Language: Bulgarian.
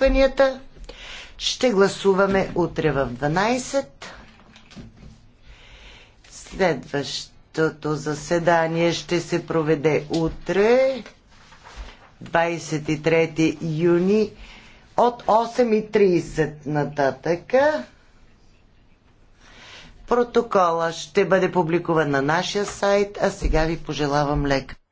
разискванията. Ще гласуваме утре в 12. Следващото заседание ще се проведе утре, 23 юни, от 8.30 нататъка. Протокола ще бъде публикуван на нашия сайт, а сега ви пожелавам лека.